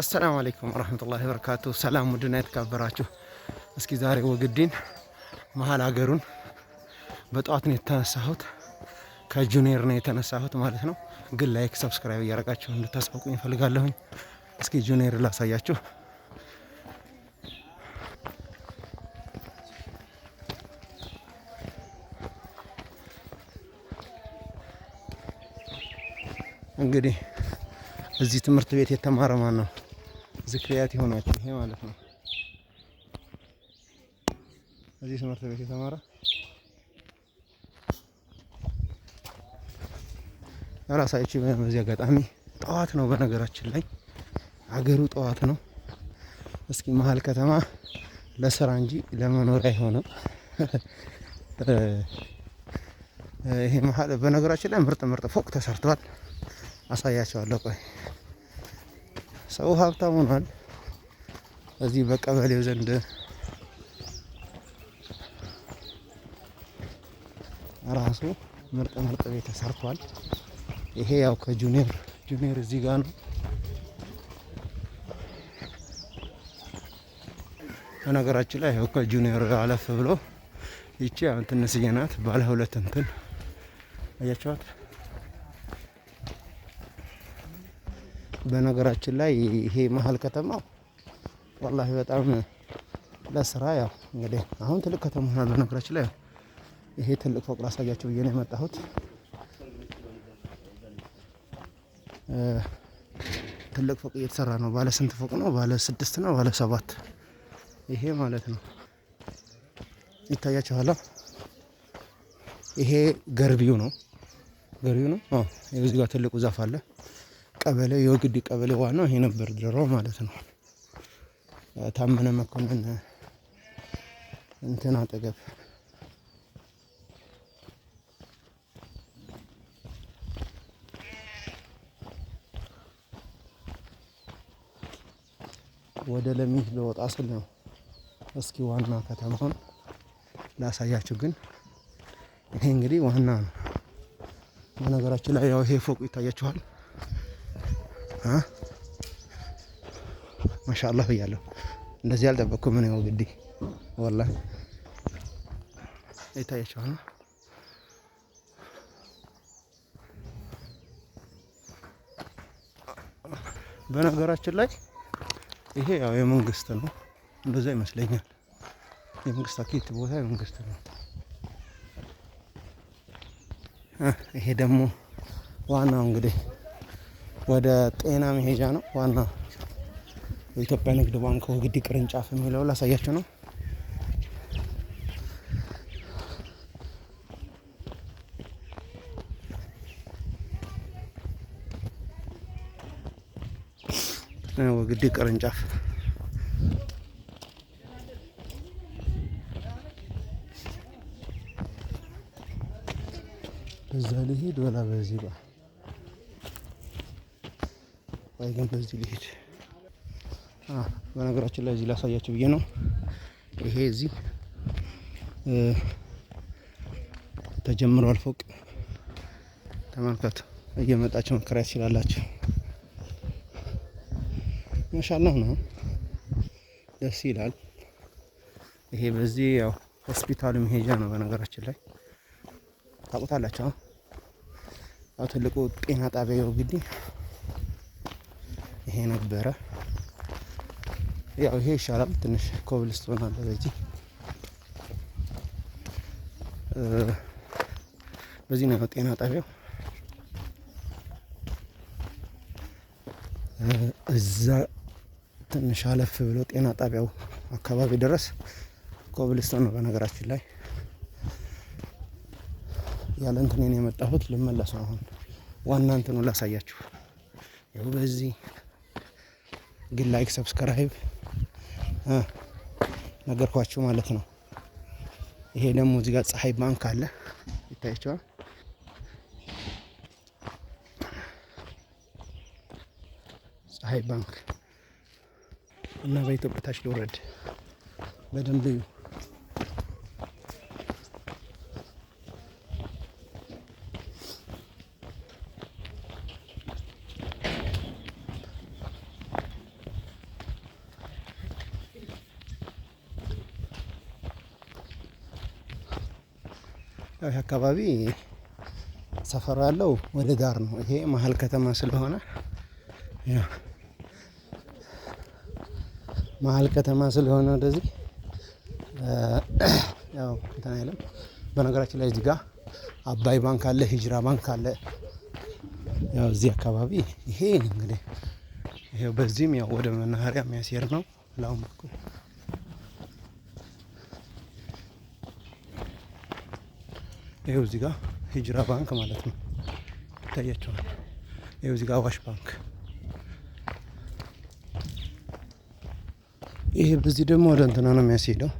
አሰላሙ አለይኩም ወራህመቱላሂ ወበረካቱ። ሰላም ውድና የተከበራችሁ፣ እስኪ ዛሬ ወግዲን መሀል ሀገሩን በጠዋት ነው የተነሳሁት። ከጁኒየር ነው የተነሳሁት ማለት ነው። ግን ላይክ፣ ሰብስክራይብ እያደረጋችሁ እንድታሳውቁኝ እፈልጋለሁኝ። እስኪ ጁኒየር ላሳያችሁ። እንግዲህ እዚህ ትምህርት ቤት የተማረ ማን ነው? ዝክሪያት ይሆናችሁ ይሄ ማለት ነው። እዚህ ትምህርት ቤት የተማረ ራሳችን በዚህ አጋጣሚ ጠዋት ነው። በነገራችን ላይ አገሩ ጠዋት ነው። እስኪ መሀል ከተማ ለስራ እንጂ ለመኖሪያ አይሆንም። ይሄ መሀል በነገራችን ላይ ምርጥ ምርጥ ፎቅ ተሰርቷል አሳያቸዋለሁ ቆይ ሰው ሀብታም ሆኗል። እዚህ በቀበሌው ዘንድ ራሱ ምርጥ ምርጥ ቤት ተሰርቷል። ይሄ ያው ከጁኒየር ጁኒየር እዚህ ጋር ነው። በነገራችን ላይ ያው ከጁኒየር አለፍ ብሎ ይቺ ያው ናት ባለ ሁለት እንትን አያቸዋት በነገራችን ላይ ይሄ መሀል ከተማ ወላሂ በጣም ለስራ ያው እንግዲህ አሁን ትልቅ ከተማ ሆኗል። በነገራችን ላይ ይሄ ትልቅ ፎቅ ላሳያቸው ብዬ ነው የመጣሁት። ትልቅ ፎቅ እየተሰራ ነው። ባለ ስንት ፎቅ ነው? ባለ ስድስት ነው፣ ባለ ሰባት ይሄ ማለት ነው። ይታያችኋል። ይሄ ገርቢው ነው፣ ገርቢው ነው። እዚህ ጋር ትልቁ ዛፍ አለ። ቀበሌ የወግድ ቀበሌ ዋናው ይሄ ነበር ድሮ ማለት ነው። ታመነ መኮንን እንትን አጠገብ ወደ ለሚ ለወጣ ስል ነው። እስኪ ዋና ከተማውን ላሳያችሁ። ግን ይሄ እንግዲህ ዋና ነው። በነገራችን ላይ ያው ይሄ ፎቁ ይታያችኋል። ማሻአላህ ብያለሁ። እንደዚህ አልጠበቅኩም። ምን ያው ግዲ ወላ ይታያቸዋል ነው በነገራችን ላይ ይሄ ያው የመንግስት ነው፣ እንደዛ ይመስለኛል። የመንግስት አኬት ቦታ የመንግስት ነው። ይሄ ደግሞ ዋናው እንግዲህ ወደ ጤና መሄጃ ነው። ዋና የኢትዮጵያ ንግድ ባንክ ወግዲ ቅርንጫፍ የሚለው ላሳያችሁ ነው። ወግዲ ቅርንጫፍ እዛ ልሄድ ወላ በዚህ ወይ ግን በዚህ ሊሄድ በነገራችን ላይ እዚህ ላሳያችሁ ብዬ ነው። ይሄ እዚህ ተጀምሯል ፎቅ ተመልከቱ። እየመጣችሁ መከራ ትችላላችሁ። ማሻላህ ነው፣ ደስ ይላል። ይሄ በዚህ ያው ሆስፒታሉ መሄጃ ነው። በነገራችን ላይ ታውቁታላችሁ። አዎ ትልቁ ጤና ጣቢያ ግዲ ይሄ ነበረ። ያው ይሄ ይሻላል ትንሽ ኮብልስቶን አለ በዚህ በዚህ ነው ጤና ጣቢያው። እዛ ትንሽ አለፍ ብሎ ጤና ጣቢያው አካባቢ ድረስ ኮብልስቶን ነው። በነገራችን ላይ ያለ እንትኔን የመጣሁት ልመለስ ነው። አሁን ዋና እንትኑ ላሳያችሁ ይኸው በዚህ ግን ላይክ ሰብስክራይብ ነገርኳችሁ ማለት ነው። ይሄ ደግሞ እዚህ ጋር ፀሐይ ባንክ አለ ይታያቸዋል። ፀሐይ ባንክ እና በኢትዮጵያ ታች ልውረድ በደንብ ያው አካባቢ ሰፈር ያለው ወደ ዳር ነው። ይሄ መሀል ከተማ ስለሆነ ያው መሀል ከተማ ስለሆነ ወደዚህ ያው እንትን አይልም። በነገራችን ላይ እዚህ ጋር አባይ ባንክ አለ፣ ሂጅራ ባንክ አለ። ያው እዚህ አካባቢ ይሄ እንግዲህ ይሄው በዚህም ያው ወደ መናኸሪያ የሚያስሄድ ነው ላሁን ይሄው እዚህ ጋር ሂጅራ ባንክ ማለት ነው ይታያቸዋል። ይሄው እዚህ ጋር አዋሽ ባንክ፣ ይሄ በዚህ ደግሞ ወደ እንትና ነው የሚያስሄደው።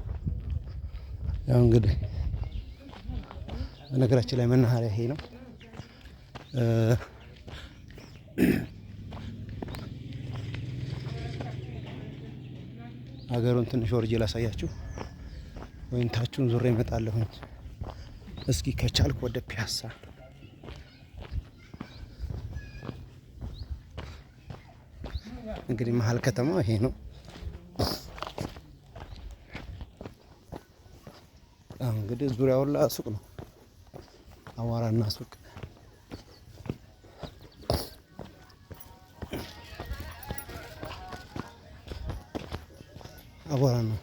ያው እንግዲህ በነገራችን ላይ መናኸሪያ ይሄ ነው። ሀገሩን ትንሽ ወርጄ ላሳያችሁ ወይም ታችሁን ዙሬ እመጣለሁኝ። እስኪ ከቻልክ ወደ ፒያሳ እንግዲህ መሀል ከተማ ይሄ ነው። እንግዲህ ዙሪያውን ላይ ሱቅ ነው፣ አዋራና ሱቅ አቧራ ነው።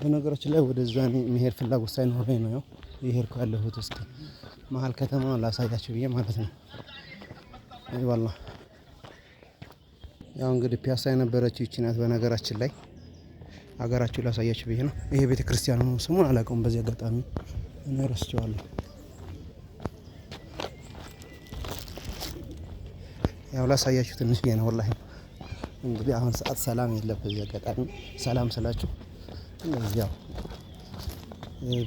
በነገሮች ላይ ወደዛ መሄድ ፍላጎት ሳይኖረኝ ነው የሄድኩ ያለሁት። እስኪ መሀል ከተማ ላሳያችሁ ብዬ ማለት ነው። ይባላ ያው እንግዲህ ፒያሳ የነበረችው ይቺ ናት። በነገራችን ላይ ሀገራችሁ ላሳያችሁ ብዬ ነው። ይሄ ቤተ ክርስቲያን ነው፣ ስሙን አላውቀውም። በዚህ አጋጣሚ እኔ ረስቼዋለሁ። ያው ላሳያችሁ ትንሽ ነው ወላሂ። እንግዲህ አሁን ሰዓት ሰላም የለም። በዚህ አጋጣሚ ሰላም ስላችሁ ያው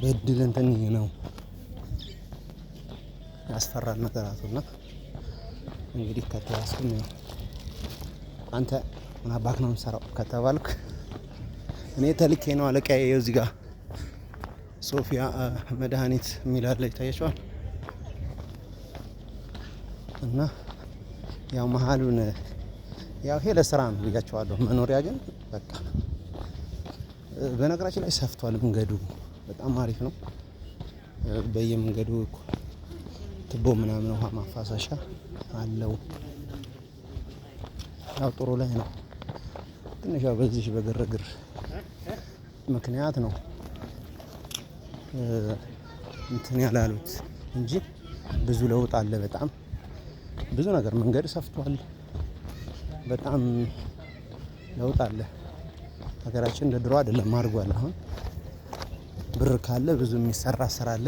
በድል እንትን ነው ያስፈራል ነገራቱ እና እንግዲህ ከተያዝኩም ያው አንተ ምን አባክ ነው የምሰራው ከተባልኩ እኔ ተልኬ ነው አለቃዬ። እዚህ ጋር ሶፊያ መድኃኒት የሚላለ ይታያቸዋል። እና ያው መሀሉን ያው ይሄ ለስራ ነው ብያቸዋለሁ። መኖሪያ ግን በቃ በነገራችን ላይ ሰፍቷል መንገዱ በጣም አሪፍ ነው። በየመንገዱ ትቦ ምናምን ውሃ ማፋሳሻ አለው። ያው ጥሩ ላይ ነው። ትንሽ ያው በዚህ በግርግር ምክንያት ነው እንትን ያላሉት እንጂ ብዙ ለውጥ አለ። በጣም ብዙ ነገር መንገድ ሰፍቷል። በጣም ለውጥ አለ። ሀገራችን እንደ ድሮ አይደለም አድርጓል። አሁን ብር ካለ ብዙ የሚሰራ ስራ አለ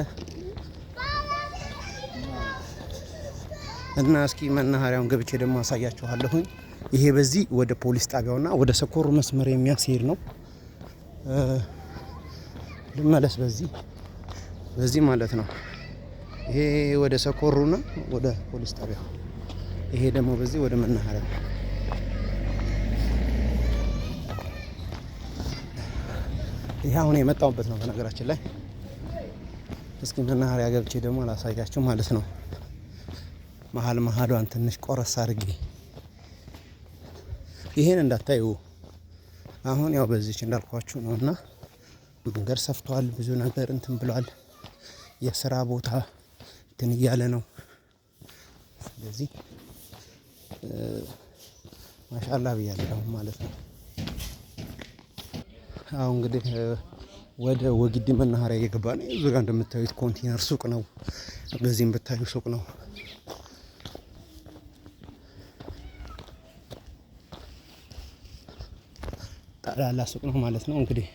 እና እስኪ መናኸሪያውን ገብቼ ደግሞ አሳያችኋለሁኝ። ይሄ በዚህ ወደ ፖሊስ ጣቢያውና ወደ ሰኮር መስመር የሚያስሄድ ነው። ልመለስ በዚህ በዚህ ማለት ነው። ይሄ ወደ ሰኮሩና ወደ ፖሊስ ጣቢያው፣ ይሄ ደግሞ በዚህ ወደ መናኸሪያው ይህ አሁን የመጣሁበት ነው። በነገራችን ላይ እስኪ መናኸሪያ ገብቼ ደግሞ አላሳያችሁ ማለት ነው። መሀል መሀሏን ትንሽ ቆረስ አድርጌ ይሄን እንዳታዩ። አሁን ያው በዚች እንዳልኳችሁ ነው እና መንገድ ሰፍቷል። ብዙ ነገር እንትን ብሏል። የስራ ቦታ እንትን እያለ ነው። ስለዚህ ማሻላ ብያለሁ ማለት ነው። አሁን እንግዲህ ወደ ወግዲ መናኸሪያ እየገባ ነው። ጋር እንደምታዩት ኮንቴነር ሱቅ ነው። በዚህም ብታዩ ሱቅ ነው። ጠቅላላ ሱቅ ነው ማለት ነው። እንግዲህ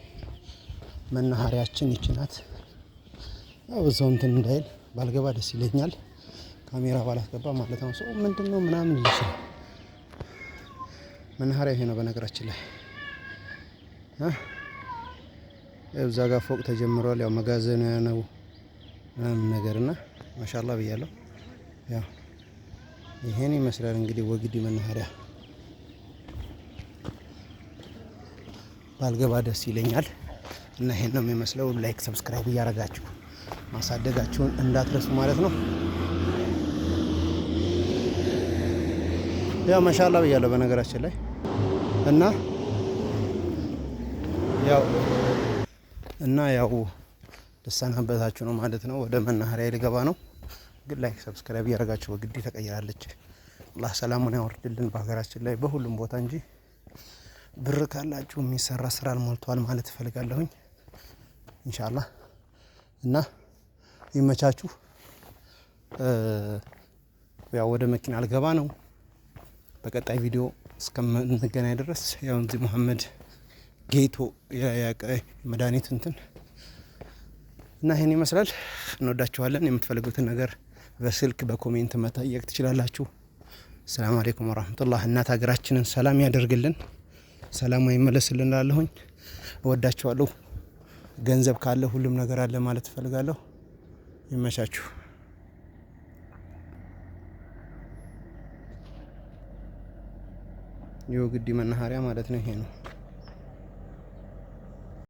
መናኸሪያችን ይች ናት። እዛው እንትን እንዳይል ባልገባ ደስ ይለኛል፣ ካሜራ ባላስገባ ማለት ነው። ሰው ምንድን ነው ምናምን ልሽ መናኸሪያ ይሄ ነው በነገራችን ላይ እዛ ጋር ፎቅ ተጀምሯል። ያው መጋዘን ነው ምናምን ነገርና ማሻላ ብያለሁ። ያው ይሄን ይመስላል እንግዲህ ወግዲ መናኸሪያ ባልገባ ደስ ይለኛል እና ይሄን ነው የሚመስለው። ላይክ ሰብስክራይብ እያደረጋችሁ ማሳደጋችሁን እንዳትረሱ ማለት ነው። ያው ማሻላ ብያለሁ በነገራችን ላይ እና ያው እና ያው ልሰናበታችሁ ነው ማለት ነው። ወደ መናኸሪያ ልገባ ነው። ግን ላይክ ሰብስክራይብ እያደረጋችሁ በግድ ተቀይራለች። አላህ ሰላሙን ያወርድልን በሀገራችን ላይ በሁሉም ቦታ እንጂ ብር ካላችሁ የሚሰራ ስራ አልሞልቷል ማለት እፈልጋለሁኝ። እንሻላ እና ይመቻችሁ። ያው ወደ መኪና አልገባ ነው። በቀጣይ ቪዲዮ እስከምንገናኝ ድረስ ያው እንዚህ መሐመድ ጌቶ መድኃኒት እንትን እና ይህን ይመስላል። እንወዳችኋለን። የምትፈልጉትን ነገር በስልክ በኮሜንት መጠየቅ ትችላላችሁ። ሰላም አሌይኩም ወራህመቱላህ። እናት ሀገራችንን ሰላም ያደርግልን፣ ሰላሟ ይመለስልን። ላለሁኝ እወዳችኋለሁ። ገንዘብ ካለ ሁሉም ነገር አለ ማለት እፈልጋለሁ። ይመቻችሁ። ይኸው መናኸሪያ ማለት ነው። ይሄ ነው።